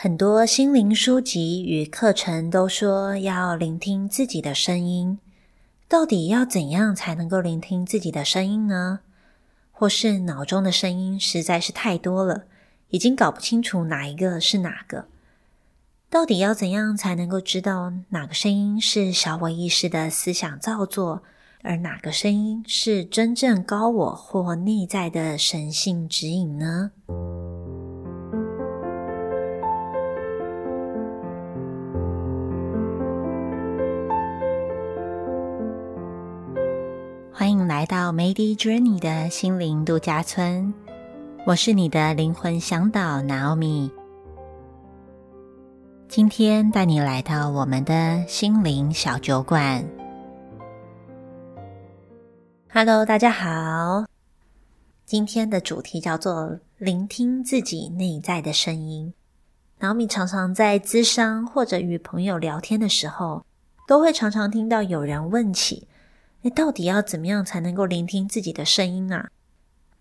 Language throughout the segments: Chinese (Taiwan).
很多心靈書籍與課程都說要聆聽自己的聲音，到底要怎樣才能夠聆聽自己的聲音呢？或是腦中的聲音實在是太多了，已經搞不清楚哪一個是哪個？到底要怎樣才能夠知道哪個聲音是小我意識的思想造作，而哪個聲音是真正高我或內在的神性指引呢？到 Medi Journey 的心靈度假村，我是你的靈魂向導 Naomi。今天帶你來到我們的心靈小酒館。Hello，大家好。今天的主題叫做聆聽自己內在的聲音。Naomi 常常在諮商或者與朋友聊天的時候，都會常常聽到有人問起。你到底要怎麼樣才能夠聆聽自己的聲音啊？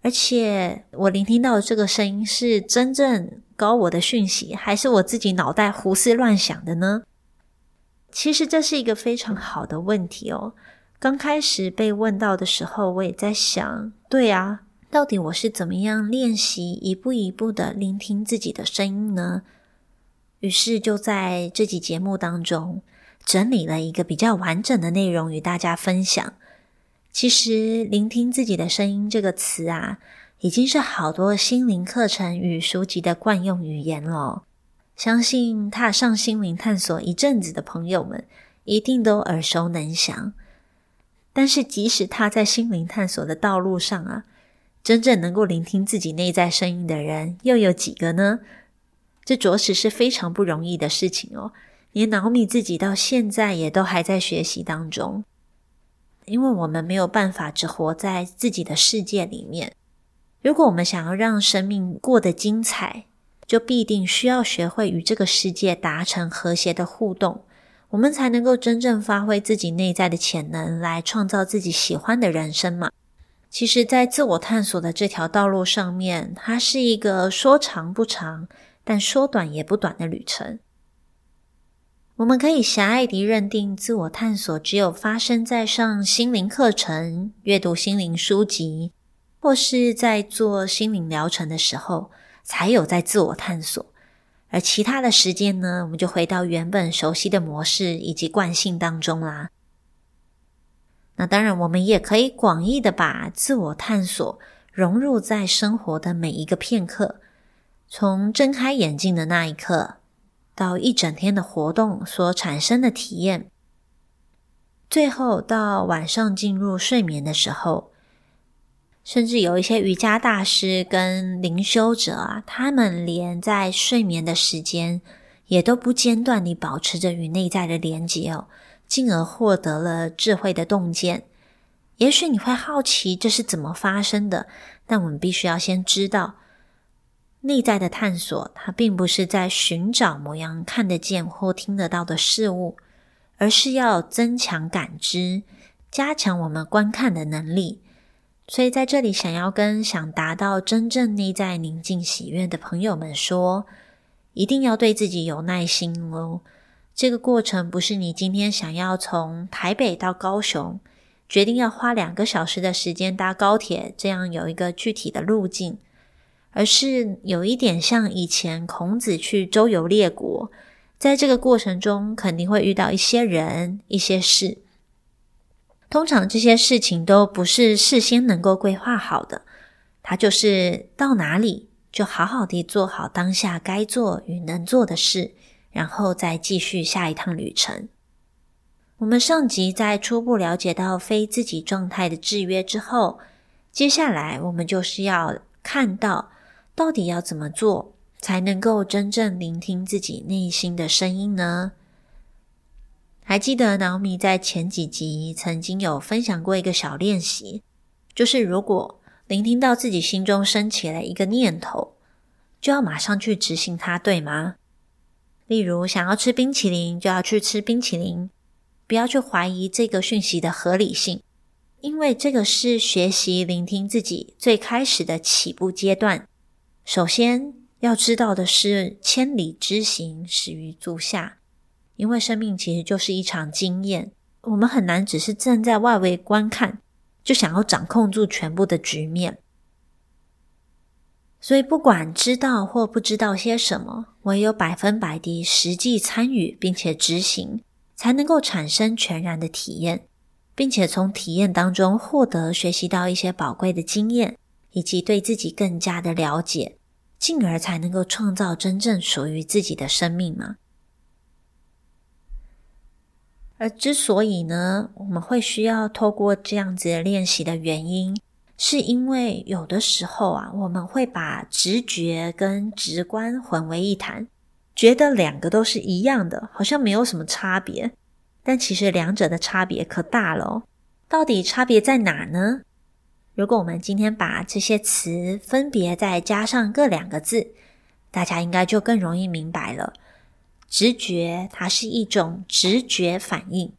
而且我聆聽到的這個聲音是真正高我的訊息，還是我自己腦袋胡思亂想的呢？其實這是一個非常好的問題哦。剛開始被問到的時候，我也在想，對啊，到底我是怎麼樣練習一步一步的聆聽自己的聲音呢？於是就在這集節目當中。整理了一個比較完整的內容與大家分享。其實“聆聽自己的聲音”這個詞啊，已經是好多心靈課程與書籍的慣用語言了哦。相信踏上心靈探索一陣子的朋友們，一定都耳熟能詳。但是，即使踏在心靈探索的道路上啊，真正能夠聆聽自己內在聲音的人，又有幾個呢？這着實是非常不容易的事情哦。連 Naomi 自己到現在也都還在學習當中，因為我們沒有辦法只活在自己的世界裡面。如果我們想要讓生命過得精彩，就必定需要學會與這個世界達成和諧的互動，我們才能夠真正發揮自己內在的潛能，來創造自己喜歡的人生嘛。其實在自我探索的這條道路上面，它是一個說長不長，但說短也不短的旅程。我們可以狹隘的認定，自我探索只有發生在上心靈課程、閱讀心靈書籍，或是在做心靈療程的時候，才有在自我探索。而其他的時間呢，我們就回到原本熟悉的模式以及慣性當中啦。那當然，我們也可以廣義的把自我探索融入在生活的每一個片刻，從睜開眼睛的那一刻。到一整天的活動所產生的體驗，最後到晚上進入睡眠的時候，甚至有一些瑜伽大師跟靈修者啊，他們連在睡眠的時間也都不間斷地保持着與內在的連接哦，進而獲得了智慧的洞見。也許你會好奇這是怎麼發生的，但我們必須要先知道，內在的探索，它並不是在尋找模樣看得見或聽得到的事物，而是要增強感知，加強我們觀看的能力。所以，在這裡想要跟想達到真正內在寧靜喜悅的朋友們說，一定要對自己有耐心哦。這個過程不是你今天想要從台北到高雄，決定要花兩個小時的時間搭高鐵，這樣有一個具體的路徑。而是有一點像以前孔子去周遊列國，在這個過程中肯定會遇到一些人、一些事。通常這些事情都不是事先能夠規劃好的，他就是到哪裡就好好的做好當下該做與能做的事，然後再繼續下一趟旅程。我們上集在初步了解到非自己狀態的制約之後，接下來我們就是要看到。到底要怎麼做才能夠真正聆聽自己內心的聲音呢？還記得 Naomi 在前幾集曾經有分享過一個小練習，就是如果聆聽到自己心中升起了一個念頭，就要馬上去執行它，對嗎？例如想要吃冰淇淋，就要去吃冰淇淋，不要去懷疑這個訊息的合理性，因為這個是學習聆聽自己最開始的起步階段。首先要知道的是，千里之行始於足下。因為生命其實就是一場經驗，我們很難只是站在外圍觀看，就想要掌控住全部的局面。所以，不管知道或不知道些什麼，唯有百分百的實際參與並且執行，才能夠產生全然的體驗，並且從體驗當中獲得學習到一些寶貴的經驗，以及對自己更加的了解。進而才能夠創造真正屬於自己的生命嗎？而之所以呢，我們會需要透過這樣子的練習的原因，是因為有的時候啊，我們會把直覺跟直觀混為一談，覺得兩個都是一樣的，好像沒有什麼差別。但其實兩者的差別可大了，到底差別在哪呢？如果我們今天把這些詞分別再加上各兩個字，大家應該就更容易明白了。直覺它是一種直覺反應，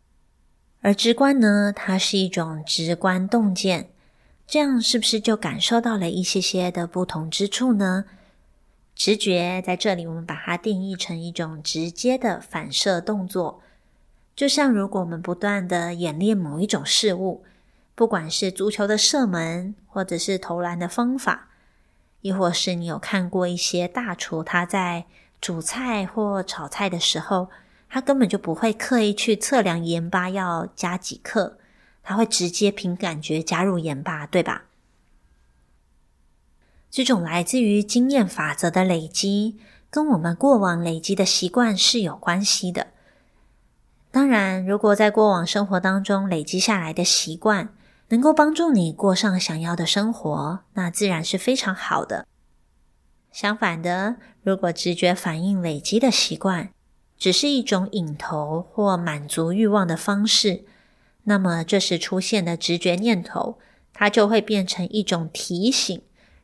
而直觀呢，它是一種直觀洞見。這樣是不是就感受到了一些些的不同之處呢？直覺在這裡我們把它定義成一種直接的反射動作，就像如果我們不斷地演練某一種事物。不管是足球的射門，或者是投籃的方法，亦或是你有看過一些大廚他在煮菜或炒菜的時候，他根本就不會刻意去測量鹽巴要加幾克，他會直接憑感覺加入鹽巴，對吧？這種來自於經驗法則的累積，跟我們過往累積的習慣是有關係的。當然，如果在過往生活當中累積下來的習慣，能夠幫助你過上想要的生活，那自然是非常好的。相反的，如果直覺反應累積的習慣只是一種癮頭或滿足慾望的方式，那麼這時出現的直覺念頭，它就會變成一種提醒，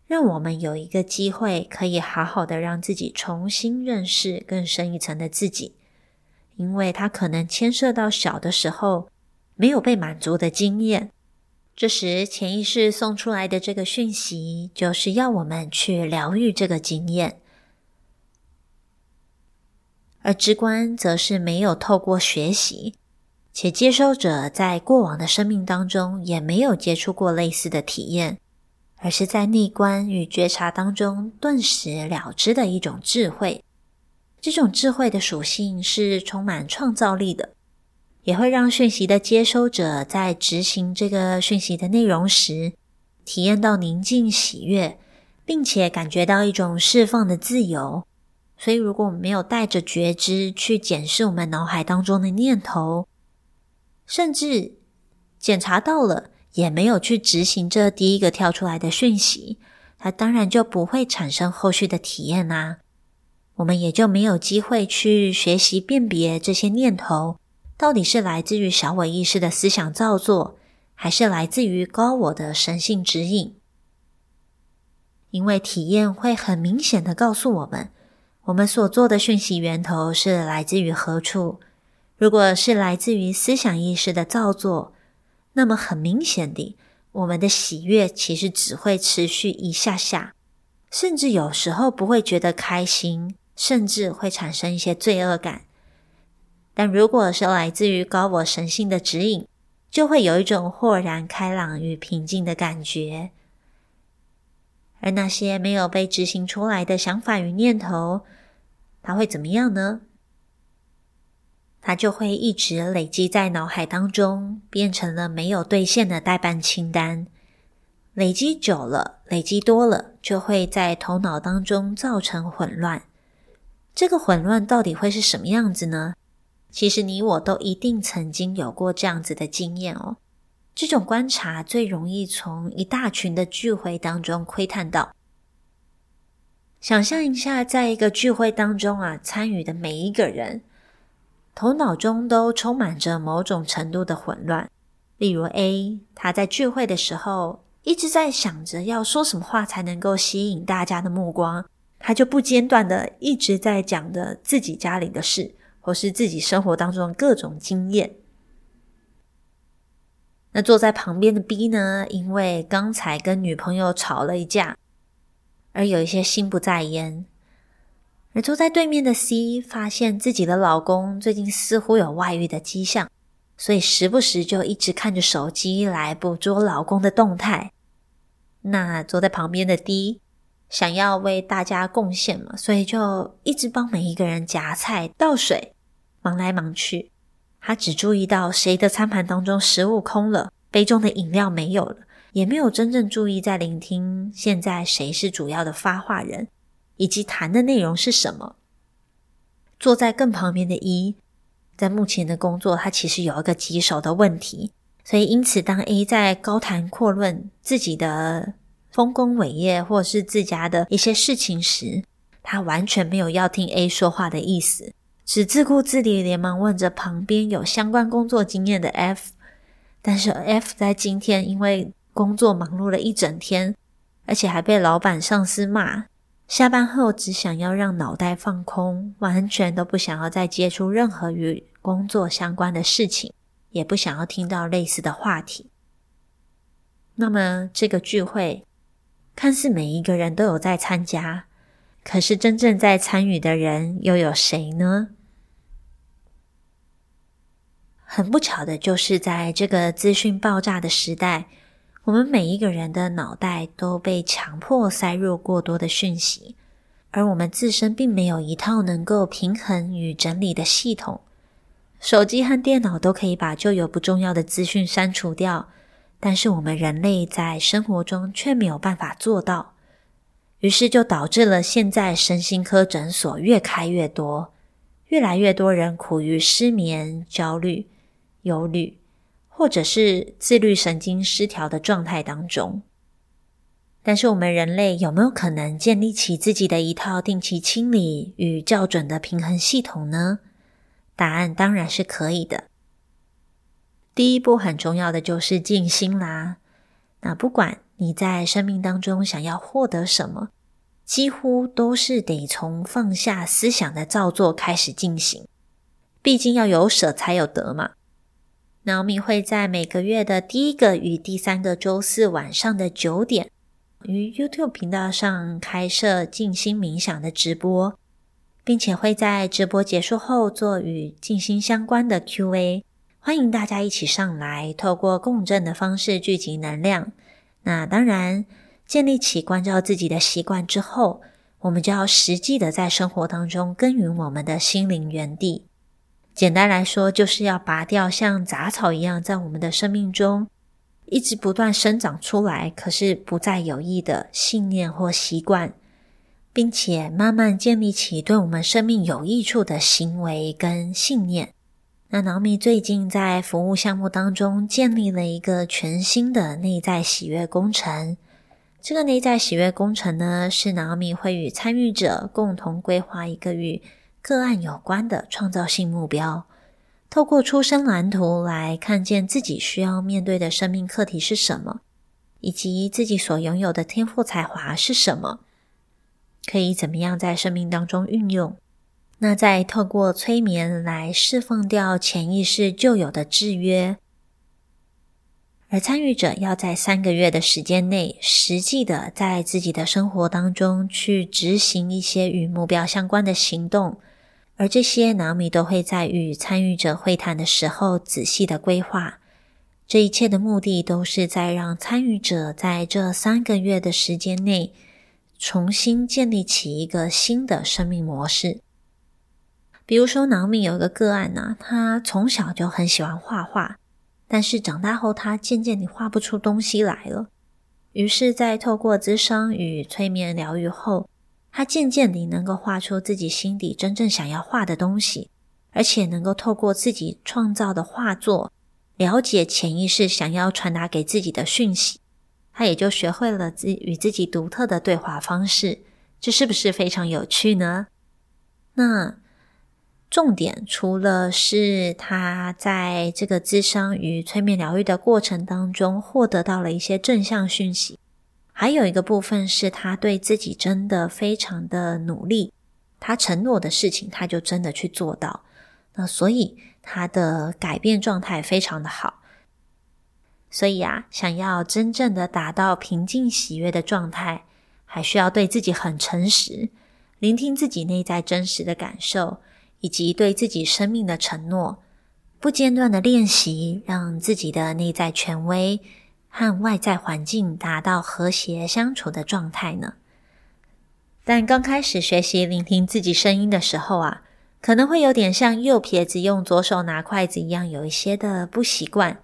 讓我們有一個機會可以好好的讓自己重新認識更深一層的自己，因為它可能牽涉到小的時候沒有被滿足的經驗。這時，潛意識送出來的這個訊息，就是要我們去療癒這個經驗；而直觀則是沒有透過學習，且接收者在過往的生命當中也沒有接觸過類似的體驗，而是在內觀與覺察當中頓時了知的一種智慧。這種智慧的屬性是充滿創造力的。也會讓訊息的接收者在執行這個訊息的內容時，體驗到寧靜喜悅，並且感覺到一種釋放的自由。所以，如果我們沒有帶着覺知去檢視我們腦海當中的念頭，甚至檢查到了，也沒有去執行這第一個跳出來的訊息，它當然就不會產生後續的體驗啦。我們也就沒有機會去學習辨別這些念頭。到底是來自於小我意識的思想造作，還是來自於高我的神性指引？因為體驗會很明顯的告訴我們，我們所做的訊息源頭是來自於何處。如果是來自於思想意識的造作，那麼很明顯的，我們的喜悅其實只會持續一下下，甚至有時候不會覺得開心，甚至會產生一些罪惡感。但如果是來自於高我神性的指引，就會有一種豁然開朗與平靜的感覺。而那些沒有被執行出來的想法與念頭，它會怎麼樣呢？它就會一直累積在腦海當中，變成了沒有兌現的待辦清單。累積久了，累積多了，就會在頭腦當中造成混亂。這個混亂到底會是什麼樣子呢？其實你我都一定曾經有過這樣子的經驗哦。這種觀察最容易從一大群的聚會當中窺探到。想象一下，在一個聚會當中啊，參與的每一個人頭腦中都充滿着某種程度的混亂。例如 A，他在聚會的時候一直在想着要說什麼話才能夠吸引大家的目光，他就不間斷的一直在講著自己家裡的事。或是自己生活當中的各種經驗。那坐在旁邊的 B 呢，因為剛才跟女朋友吵了一架，而有一些心不在焉。而坐在對面的 C 發現自己的老公最近似乎有外遇的跡象，所以時不時就一直看着手機來捕捉老公的動態。那坐在旁邊的 D 想要為大家貢獻嘛，所以就一直幫每一個人夾菜、倒水。忙來忙去，他只注意到誰的餐盤當中食物空了，杯中的飲料沒有了，也沒有真正注意在聆聽現在誰是主要的發話人，以及談的內容是什麼。坐在更旁邊的 E，在目前的工作，他其實有一個棘手的問題，所以因此，當 A 在高談闊論自己的豐功偉業或是自家的一些事情時，他完全沒有要聽 A 說話的意思。只自顧自地連忙問着旁邊有相關工作經驗的 F，但是 F 在今天因為工作忙碌了一整天，而且還被老板上司罵，下班後只想要讓腦袋放空，完全都不想要再接觸任何與工作相關的事情，也不想要聽到類似的話題。那麼這個聚會看似每一個人都有在參加。可是，真正在參與的人又有誰呢？很不巧的，就是在這個資訊爆炸的時代，我們每一個人的腦袋都被強迫塞入過多的訊息，而我們自身並沒有一套能夠平衡與整理的系統。手機和電腦都可以把舊有不重要的資訊刪除掉，但是我們人類在生活中卻沒有辦法做到。於是就導致了現在身心科診所越開越多，越來越多人苦於失眠、焦慮、憂慮，或者是自律神經失調的狀態當中。但是我們人類有沒有可能建立起自己的一套定期清理與校準的平衡系統呢？答案當然是可以的。第一步很重要的就是靜心啦，那不管。你在生命當中想要獲得什麼，幾乎都是得從放下思想的造作開始進行。畢竟要有捨才有得嘛。Naomi 會在每個月的第一個與第三個週四晚上的九點，於 YouTube 頻道上開設靜心冥想的直播，並且會在直播結束後做與靜心相關的 Q&A。歡迎大家一起上來，透過共振的方式聚集能量。那當然，建立起觀照自己的習慣之後，我們就要實際的在生活當中耕耘我們的心靈園地。簡單來說，就是要拔掉像雜草一樣在我們的生命中一直不斷生長出來，可是不再有益的信念或習慣，並且慢慢建立起對我們生命有益處的行為跟信念。那 Naomi 最近在服務項目當中建立了一個全新的內在喜悅工程。這個內在喜悅工程呢，是 Naomi 會與參與者共同規劃一個與個案有關的創造性目標，透過出生藍圖來看見自己需要面對的生命課題是什麼，以及自己所擁有的天賦才華是什麼，可以怎麼樣在生命當中運用。那再透過催眠來釋放掉潛意識舊有的制約，而參與者要在三個月的時間內，實際的在自己的生活當中去執行一些與目標相關的行動，而這些 Naomi 都會在與參與者會談的時候仔細的規劃。這一切的目的都是在讓參與者在這三個月的時間內，重新建立起一個新的生命模式。比如說，Naomi 有一個個案吶、啊，他從小就很喜歡畫畫，但是長大後他漸漸地畫不出東西來了。於是，在透過諮商與催眠療癒後，他漸漸地能夠畫出自己心底真正想要畫的東西，而且能夠透過自己創造的畫作，了解潛意識想要傳達給自己的訊息。他也就學會了自與自己獨特的對話方式。這是不是非常有趣呢？那，重點除了是他在這個諮商與催眠療癒的過程當中獲得到了一些正向訊息，還有一個部分是他對自己真的非常的努力，他承諾的事情他就真的去做到。那所以他的改變狀態非常的好。所以啊，想要真正的達到平靜喜悅的狀態，還需要對自己很誠實，聆聽自己內在真實的感受。以及對自己生命的承諾，不間斷的練習，讓自己的內在權威和外在環境達到和諧相處的狀態呢？但剛開始學習聆聽自己聲音的時候啊，可能會有點像右撇子用左手拿筷子一樣，有一些的不習慣。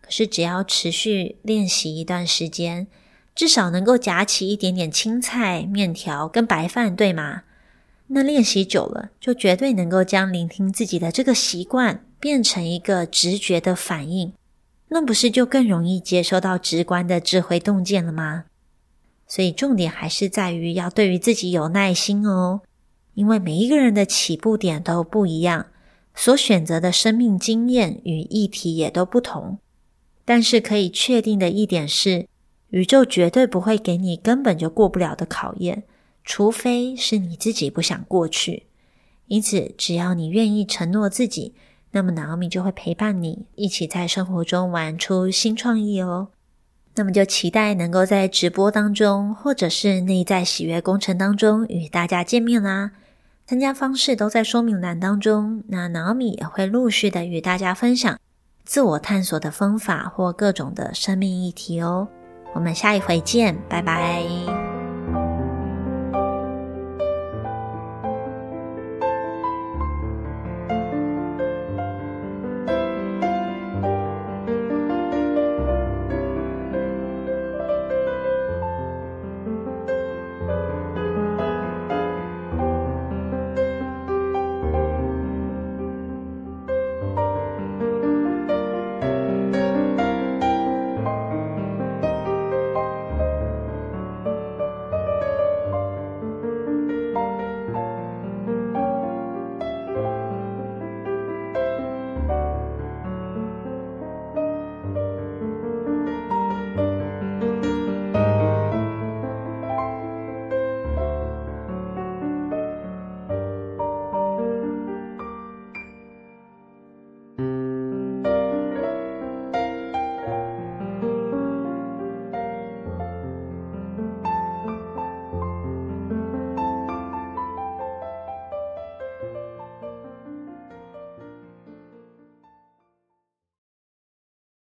可是只要持續練習一段時間，至少能夠夾起一點點青菜、麵條跟白飯，對嗎？那練習久了，就絕對能夠將聆聽自己的這個習慣變成一個直覺的反應，那不是就更容易接收到直觀的智慧洞見了嗎？所以重點還是在於要對於自己有耐心哦，因為每一個人的起步點都不一樣，所選擇的生命經驗與議題也都不同，但是可以確定的一點是，宇宙絕對不會給你根本就過不了的考驗。除非是你自己不想過去，因此只要你願意承諾自己，那麼 Naomi 就會陪伴你，一起在生活中玩出新創意哦。那麼就期待能夠在直播當中，或者是內在喜悅工程當中與大家見面啦。參加方式都在說明欄當中，那 Naomi 也會陸續地與大家分享自我探索的方法或各種的生命議題哦。我們下一回見，拜拜。